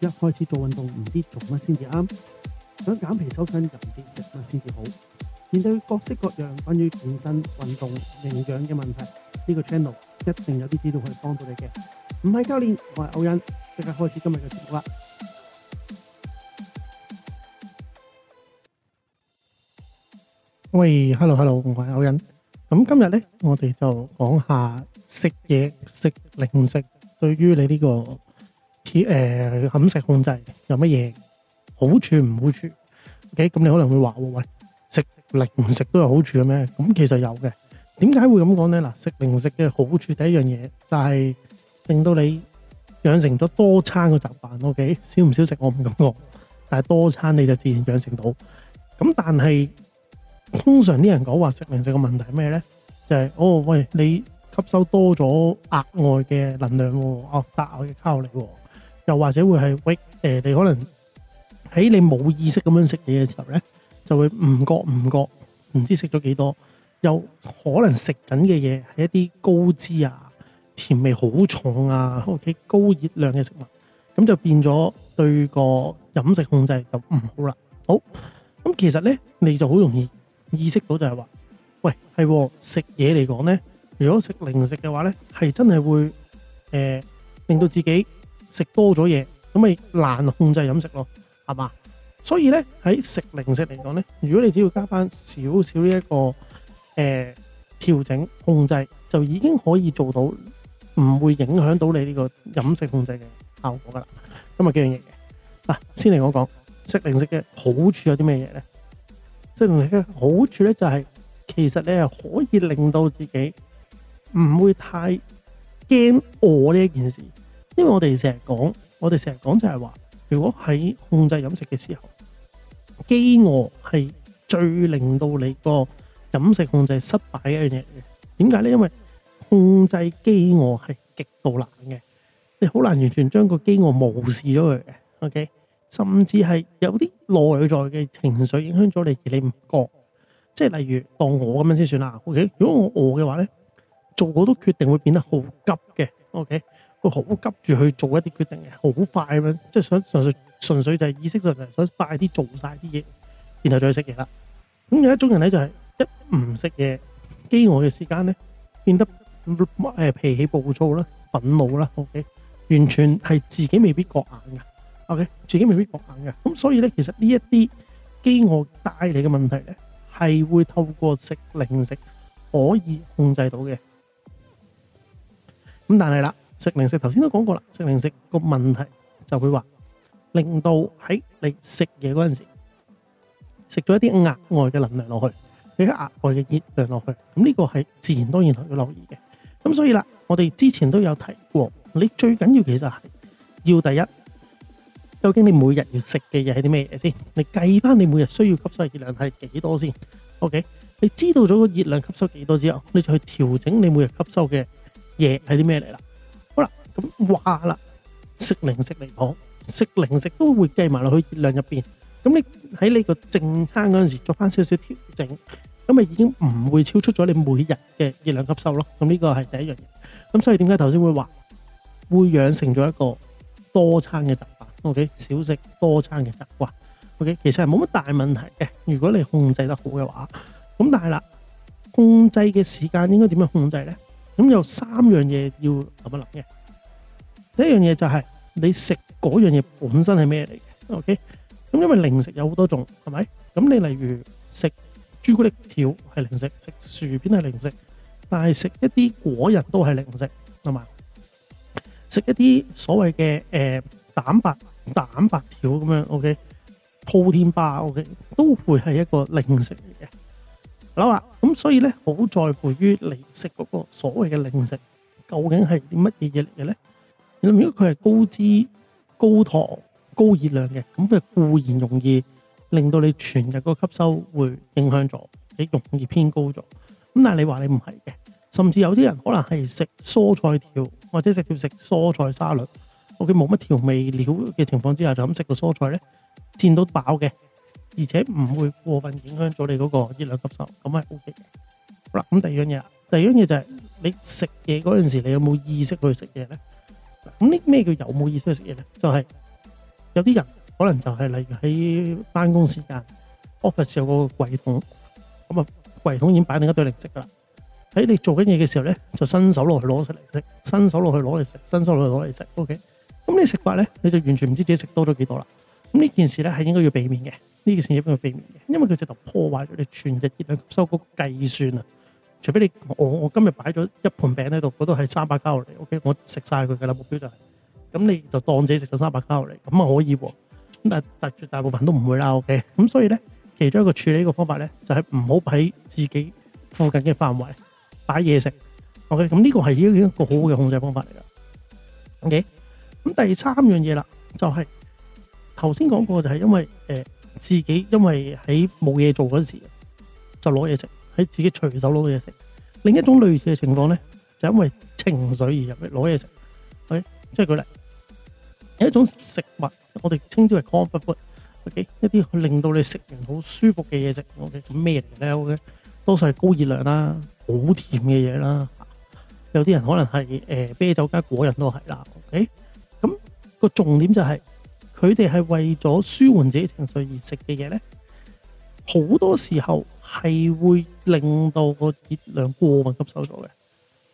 一開始做運動唔知做乜先至啱，想減肥瘦身又唔知食乜先至好。面對各式各樣關於健身、運動、營養嘅問題，呢個 channel 一定有啲資料可以幫到你嘅。唔係教練，我係歐恩，即刻開始今日嘅節目啦。喂，hello hello，我係歐恩。咁今日呢，我哋就講下食嘢、食零食，對於你呢個。誒，飲食控制有乜嘢好處唔好處？O K，咁你可能會話：喂，食零食都有好處嘅咩？咁其實有嘅。點解會咁講咧？嗱，食零食嘅好處第一樣嘢就係令到你養成咗多餐嘅習慣。O K，少唔少食我唔咁覺，但係多餐你就自然養成到。咁但係通常啲人講話食零食嘅問題係咩咧？就係哦，喂，你吸收多咗額外嘅能量，額外嘅 calories。又或者會係喂，誒，你可能喺你冇意識咁樣食嘢嘅時候咧，就會唔覺唔覺，唔知食咗幾多，又可能食緊嘅嘢係一啲高脂啊、甜味好重啊、OK 高熱量嘅食物，咁就變咗對個飲食控制就唔好啦。好，咁其實咧，你就好容易意識到就係話，喂，係喎，食嘢嚟講咧，如果食零食嘅話咧，係真係會誒令到自己。食多咗嘢，咁咪難控制飲食咯，係嘛？所以咧，喺食零食嚟講咧，如果你只要加翻少少呢一點點、這個誒、呃、調整控制，就已經可以做到唔會影響到你呢個飲食控制嘅效果噶啦。咁啊幾樣嘢嘅嗱，先嚟講講食零食嘅好處有啲咩嘢咧？食零食嘅好處咧就係、是、其實你可以令到自己唔會太驚餓呢一件事。因為我哋成日講，我哋成日講就係話，如果喺控制飲食嘅時候，飢餓係最令到你個飲食控制失敗嘅一樣嘢。點解呢？因為控制飢餓係極度難嘅，你好難完全將個飢餓無視咗佢嘅。O K，甚至係有啲內在嘅情緒影響咗你而你唔覺，即係例如當我咁樣先算啦。O K，如果我餓嘅話呢，做好多決定會變得好急嘅。O K。佢好急住去做一啲決定嘅，好快咁樣，即係想純粹純粹就係意識上想快啲做晒啲嘢，然後再去食嘢啦。咁有一種人咧，就係一唔食嘢，飢餓嘅時間咧，變得誒脾氣暴躁啦、憤怒啦。OK，完全係自己未必覺眼㗎。OK，自己未必覺眼㗎。咁所以咧，其實呢一啲飢餓帶嚟嘅問題咧，係會透過食零食可以控制到嘅。咁但係啦。食零食，頭先都講過啦。食零食個問題就會話令到喺你食嘢嗰陣時，食咗一啲額外嘅能量落去，俾啲額外嘅熱量落去。咁呢個係自然當然要留意嘅。咁所以啦，我哋之前都有提過，你最緊要其實係要第一，究竟你每日要食嘅嘢係啲咩嘢先？你計翻你每日需要吸收嘅熱量係幾多先？OK，你知道咗個熱量吸收幾多之後，你就去調整你每日吸收嘅嘢係啲咩嚟啦。咁話啦，食零食嚟講，食零食都會計埋落去熱量入邊。咁你喺呢個正餐嗰陣時做翻少少調整，咁咪已經唔會超出咗你每日嘅熱量吸收咯。咁呢個係第一樣嘢。咁所以點解頭先會話會養成咗一個多餐嘅習慣？O K，少食多餐嘅習慣。O K，其實係冇乜大問題嘅。如果你控制得好嘅話，咁但係啦，控制嘅時間應該點樣控制咧？咁有三樣嘢要諗一諗嘅。第一樣嘢就係你食嗰樣嘢本身係咩嚟嘅？OK，咁因為零食有好多種，係咪？咁你例如食朱古力條係零食，食薯片係零食，但係食一啲果仁都係零食，係嘛，食一啲所謂嘅誒蛋白蛋白條咁樣，OK，鋪天霸 OK 都會係一個零食嚟嘅。嗱，咁所以咧，好在乎於你食嗰個所謂嘅零食究竟係啲乜嘢嘢嚟嘅咧？咁如果佢係高脂、高糖、高熱量嘅，咁佢固然容易令到你全日個吸收會影響咗，幾容易偏高咗。咁但係你話你唔係嘅，甚至有啲人可能係食蔬菜條，或者食條食蔬菜沙律，OK，冇乜調味料嘅情況之下就咁食個蔬菜咧，佔到飽嘅，而且唔會過分影響咗你嗰個熱量吸收，咁係 OK 嘅。好啦，咁第二樣嘢，第二樣嘢就係你食嘢嗰陣時，你有冇意識去食嘢咧？咁呢咩叫有冇意思去食嘢咧？就係、是、有啲人可能就係例如喺翻工時間，office 有個櫃桶，咁啊櫃桶已經擺定一堆零食噶啦。喺你做緊嘢嘅時候咧，就伸手落去攞出嚟食，伸手落去攞嚟食，伸手落去攞嚟食。O K，咁你食法咧，你就完全唔知自己食多咗幾多啦。咁呢件事咧係應該要避免嘅，呢件事應該要避免嘅，因為佢直頭破壞咗你全日熱量吸收嗰個計算。啦。除非你我我今日擺咗一盤餅喺度，嗰度係三百卡路里，O K，我食晒佢噶啦，目標就係咁，你就當自己食咗三百卡路里，咁啊可以喎。咁但但絕大部分都唔會啦，O K，咁所以咧，其中一個處理個方法咧，就係唔好喺自己附近嘅範圍擺嘢食，O K，咁呢個係一個好好嘅控制方法嚟噶。O K，咁第三樣嘢啦，就係頭先講過就係因為誒自己因為喺冇嘢做嗰時就攞嘢食。喺自己隨手攞嘅嘢食，另一種類似嘅情況咧，就因為情緒而入去攞嘢食。O K，即係舉例，係一種食物，我哋稱之為 comfort food。O K，一啲令到你食完好舒服嘅嘢食。O K，咁咩嚟咧？O K，多數係高熱量啦，好甜嘅嘢啦。有啲人可能係誒啤酒加果仁都係啦。O K，咁個重點就係佢哋係為咗舒緩自己情緒而食嘅嘢咧，好多時候。係會令到個熱量過分吸收咗嘅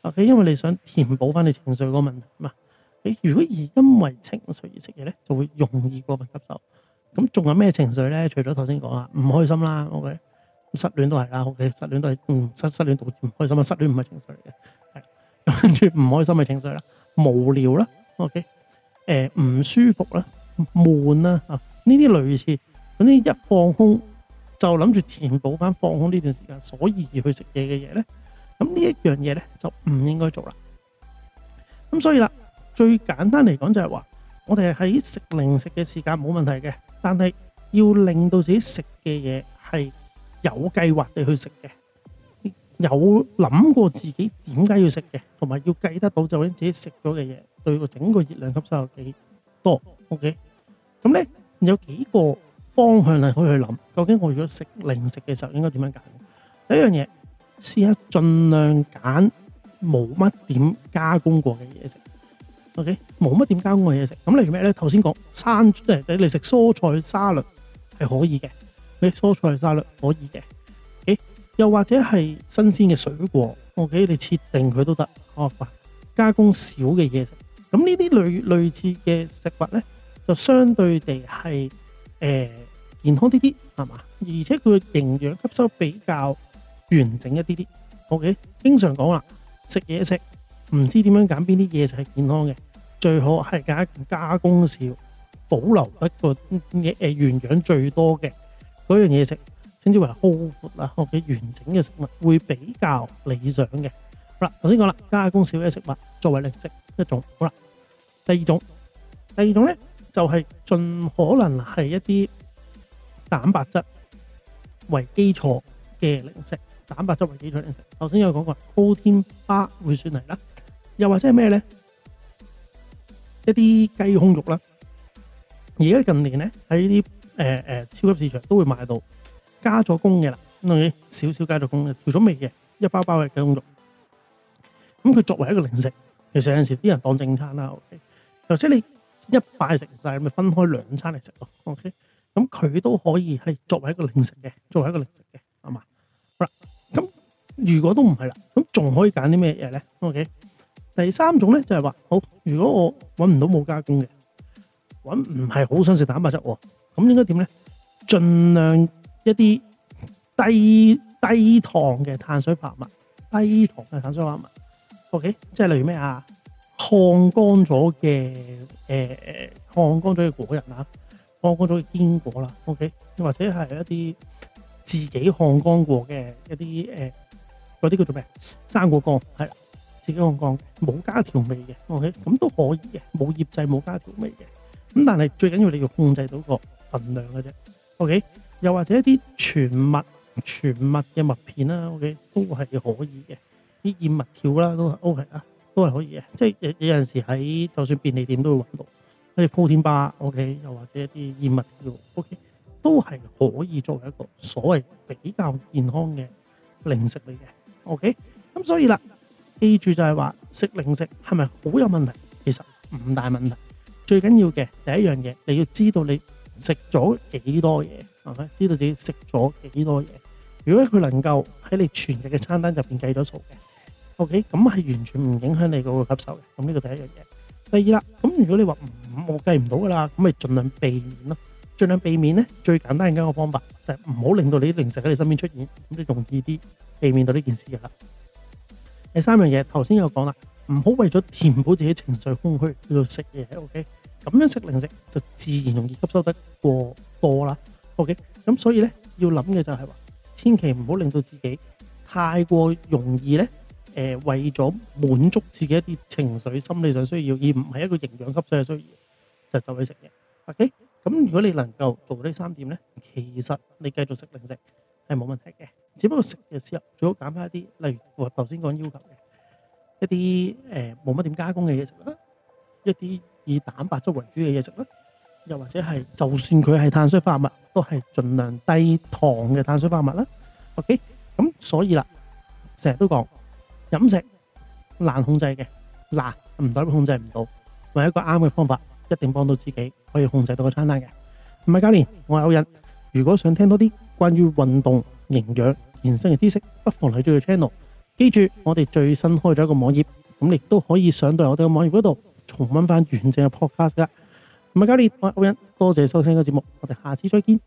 ，O K，因為你想填補翻你情緒個問題嘛。你如果而因為情緒而食嘢咧，就會容易過分吸收。咁仲有咩情緒咧？除咗頭先講啦，唔開心啦，O K，失戀都係啦，O K，失戀都係，嗯，失失戀都唔開心啊，失戀唔係情緒嚟嘅，係跟住唔開心嘅情緒啦，無聊啦，O K，誒，唔舒服啦，悶啦啊，呢啲類似，咁呢一放空。就諗住填補翻放空呢段時間，所以而去食嘢嘅嘢呢，咁呢一樣嘢呢就唔應該做啦。咁所以啦，最簡單嚟講就係話，我哋喺食零食嘅時間冇問題嘅，但係要令到自己食嘅嘢係有計劃地去食嘅，有諗過自己點解要食嘅，同埋要計得到究竟自己食咗嘅嘢對個整個熱量吸收有幾多？OK，咁呢有幾個，方向係可以去諗，究竟我如果食零食嘅時候應該點樣揀？第一樣嘢試下盡量揀冇乜點加工過嘅嘢食。O.K. 冇乜點加工嘅嘢食。咁例如咩咧？頭先講生，誒、即係，你食蔬菜沙律係可以嘅，你蔬菜沙律可以嘅。誒、okay？又或者係新鮮嘅水果，O.K. 你設定佢都得。o、啊、加工少嘅嘢食。咁呢啲類類似嘅食物咧，就相對地係誒，欸健康啲啲係嘛？而且佢嘅營養吸收比較完整一啲啲。O.K.，經常講啦，食嘢食唔知點樣揀邊啲嘢食係健康嘅，最好係揀加工少、保留一個嘅誒營養最多嘅嗰樣嘢食，稱之為 whole food 啦。或者完整嘅食物會比較理想嘅。好啦，頭先講啦，加工少嘅食物作為零食一種。好啦，第二種，第二種咧就係盡可能係一啲。蛋白質為基礎嘅零食，蛋白質為基礎零食。頭先有講過，高天花會算嚟啦，又或者係咩咧？一啲雞胸肉啦，而家近年咧喺呢啲誒誒超級市場都會買到加咗工嘅啦，相當於少少加咗工，調咗味嘅一包包嘅雞胸肉。咁佢作為一個零食，其實有陣時啲人當正餐啦。OK，頭先你一塊食唔晒，咪分開兩餐嚟食咯。OK。咁佢都可以係作為一個零食嘅，作為一個零食嘅，係嘛？好啦，咁如果都唔係啦，咁仲可以揀啲咩嘢咧？O K，第三種咧就係話，好，如果我揾唔到冇加工嘅，揾唔係好想食蛋白質，咁應該點咧？盡量一啲低低糖嘅碳水化合物，低糖嘅碳水化合物。O K，即係例如咩啊？烘乾咗嘅誒誒，烘乾咗嘅果仁啊！乾乾咗嘅堅果啦，OK，又或者係一啲自己烘乾過嘅一啲誒嗰啲叫做咩生果乾，係啦，自己烘乾嘅，冇加調味嘅，OK，咁都可以嘅，冇醃製冇加調味嘅，咁但係最緊要你要控制到個份量嘅啫，OK，又或者一啲全麥全麥嘅麥片啦，OK，都係可以嘅，啲燕麥條啦都係 OK 啊，都係可以嘅，即係有有陣時喺就算便利店都會搵到。好似鋪天巴 OK，又或者一啲燕麥條 OK，都係可以作為一個所謂比較健康嘅零食嚟嘅 OK。咁所以啦，記住就係話食零食係咪好有問題？其實唔大問題。最緊要嘅第一樣嘢，你要知道你食咗幾多嘢，係咪知道自己食咗幾多嘢？如果佢能夠喺你全日嘅餐單入邊計咗數嘅 OK，咁係完全唔影響你嗰個吸收嘅。咁呢個第一樣嘢。第二啦，咁如果你話唔，咁我計唔到噶啦，咁咪盡量避免咯。盡量避免咧，最簡單嘅一個方法就係唔好令到你啲零食喺你身邊出現，咁你容易啲避免到呢件事噶啦。第三樣嘢，頭先又講啦，唔好為咗填補自己情緒空虛要食嘢，OK？咁樣食零食就自然容易吸收得過多啦，OK？咁所以咧，要諗嘅就係話，千祈唔好令到自己太過容易咧，誒為咗滿足自己一啲情緒、心理上需要，而唔係一個營養吸收嘅需要。就走去食嘅，OK？咁如果你能夠做呢三點咧，其實你繼續食零食係冇問題嘅，只不過食嘅時候最好減翻一啲，例如符合頭先講要求嘅一啲誒冇乜點加工嘅嘢食啦，一啲以蛋白質為主嘅嘢食啦，又或者係就算佢係碳水化合物，都係盡量低糖嘅碳水化合物啦。OK？咁所以啦，成日都講飲食難控制嘅，難唔代表控制唔到，揾一個啱嘅方法。一定幫到自己，可以控制到個餐單嘅。唔係，教練，我係歐人。如果想聽多啲關於運動、營養、健身嘅知識，不妨嚟呢個 channel。記住，我哋最新開咗一個網頁，咁你亦都可以上到嚟我哋個網頁嗰度重溫翻完，完整嘅 podcast 噶。唔係，教練，我係歐人。多謝收聽呢個節目，我哋下次再見。